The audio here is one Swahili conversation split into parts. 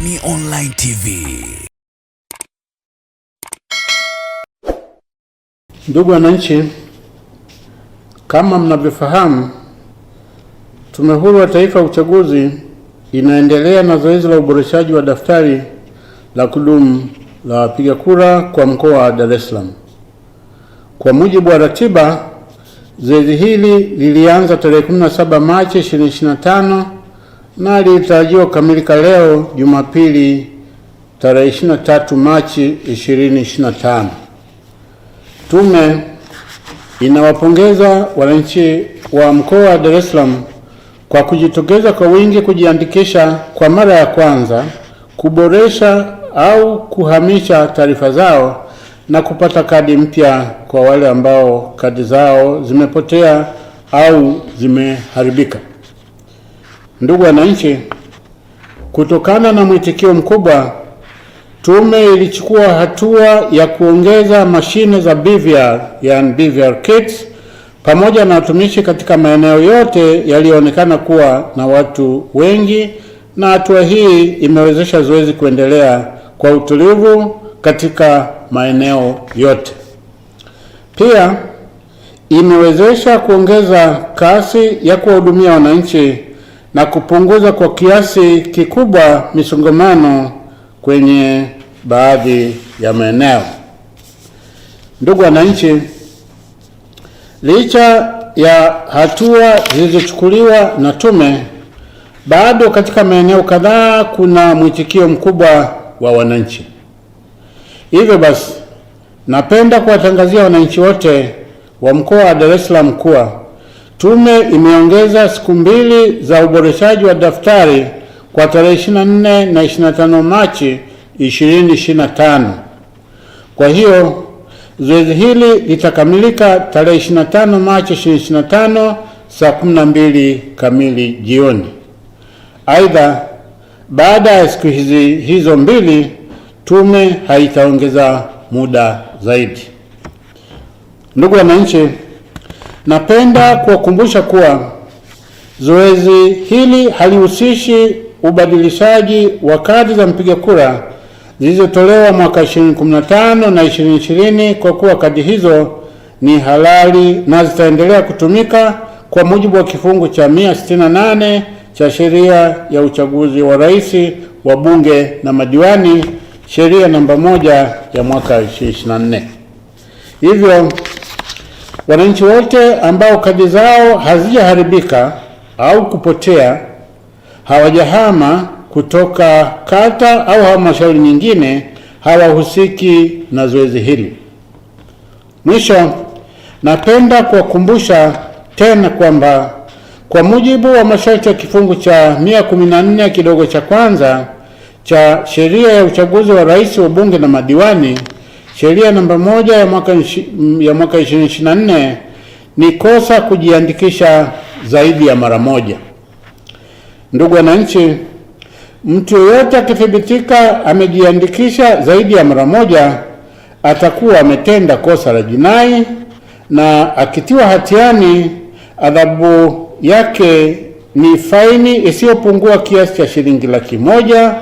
Boni Online TV. Ndugu wananchi, kama mnavyofahamu, Tume Huru ya Taifa ya Uchaguzi inaendelea na zoezi la uboreshaji wa daftari la kudumu la wapiga kura kwa mkoa wa Dar es Salaam. Kwa mujibu wa ratiba, zoezi hili lilianza tarehe 17 Machi 2025 na lilitarajiwa kukamilika leo Jumapili tarehe 23 Machi 2025. Tume inawapongeza wananchi wa mkoa wa Dar es Salaam kwa kujitokeza kwa wingi kujiandikisha kwa mara ya kwanza, kuboresha au kuhamisha taarifa zao na kupata kadi mpya kwa wale ambao kadi zao zimepotea au zimeharibika. Ndugu wananchi, kutokana na mwitikio mkubwa, tume ilichukua hatua ya kuongeza mashine za BVR, yani BVR kits pamoja na watumishi katika maeneo yote yaliyoonekana kuwa na watu wengi, na hatua hii imewezesha zoezi kuendelea kwa utulivu katika maeneo yote. Pia imewezesha kuongeza kasi ya kuwahudumia wananchi na kupunguza kwa kiasi kikubwa misongamano kwenye baadhi ya maeneo. Ndugu wananchi, licha ya hatua zilizochukuliwa na tume, bado katika maeneo kadhaa kuna mwitikio mkubwa wa wananchi. Hivyo basi, napenda kuwatangazia wananchi wote wa mkoa wa Dar es Salaam kuwa Tume imeongeza siku mbili za uboreshaji wa daftari kwa tarehe 24 na 25 Machi 2025. Kwa hiyo zoezi hili litakamilika tarehe 25 Machi 2025 saa 12 kamili jioni. Aidha, baada ya siku hizi hizo mbili, tume haitaongeza muda zaidi. Ndugu wananchi, Napenda kuwakumbusha kuwa zoezi hili halihusishi ubadilishaji wa kadi za mpiga kura zilizotolewa mwaka 2015 na 2020 kwa kuwa kadi hizo ni halali na zitaendelea kutumika kwa mujibu wa kifungu cha 168 cha sheria ya uchaguzi wa rais, wa bunge na madiwani, sheria namba moja ya mwaka 2024. Hivyo Wananchi wote ambao kadi zao hazijaharibika au kupotea, hawajahama kutoka kata au halmashauri nyingine, hawahusiki na zoezi hili. Mwisho, napenda kuwakumbusha tena kwamba kwa mujibu wa masharti ya kifungu cha 114 kidogo cha kwanza cha sheria ya uchaguzi wa rais, wa bunge na madiwani Sheria namba moja ya mwaka 2024 ni kosa kujiandikisha zaidi ya mara moja. Ndugu wananchi, mtu yoyote akithibitika amejiandikisha zaidi ya mara moja atakuwa ametenda kosa la jinai na akitiwa hatiani, adhabu yake ni faini isiyopungua kiasi cha shilingi laki moja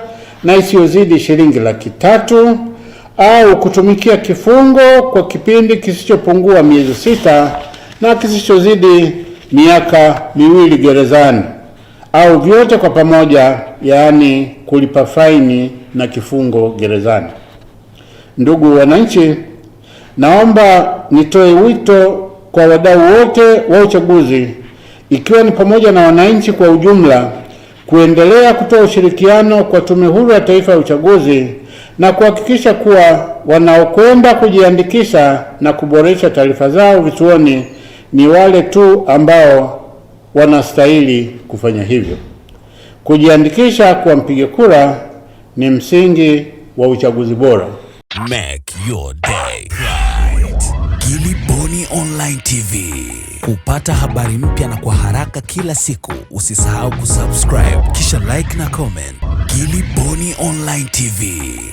na isiyozidi shilingi laki tatu au kutumikia kifungo kwa kipindi kisichopungua miezi sita na kisichozidi miaka miwili gerezani au vyote kwa pamoja, yaani kulipa faini na kifungo gerezani. Ndugu wananchi, naomba nitoe wito kwa wadau wote wa uchaguzi, ikiwa ni pamoja na wananchi kwa ujumla, kuendelea kutoa ushirikiano kwa Tume Huru ya Taifa ya Uchaguzi na kuhakikisha kuwa wanaokwenda kujiandikisha na kuboresha taarifa zao vituoni ni wale tu ambao wanastahili kufanya hivyo. Kujiandikisha kuwa mpiga kura ni msingi wa uchaguzi bora. Make your day right. Gilly Bonny Online TV. Kupata habari mpya na kwa haraka kila siku, usisahau kusubscribe kisha like na comment. Gilly Bonny Online TV.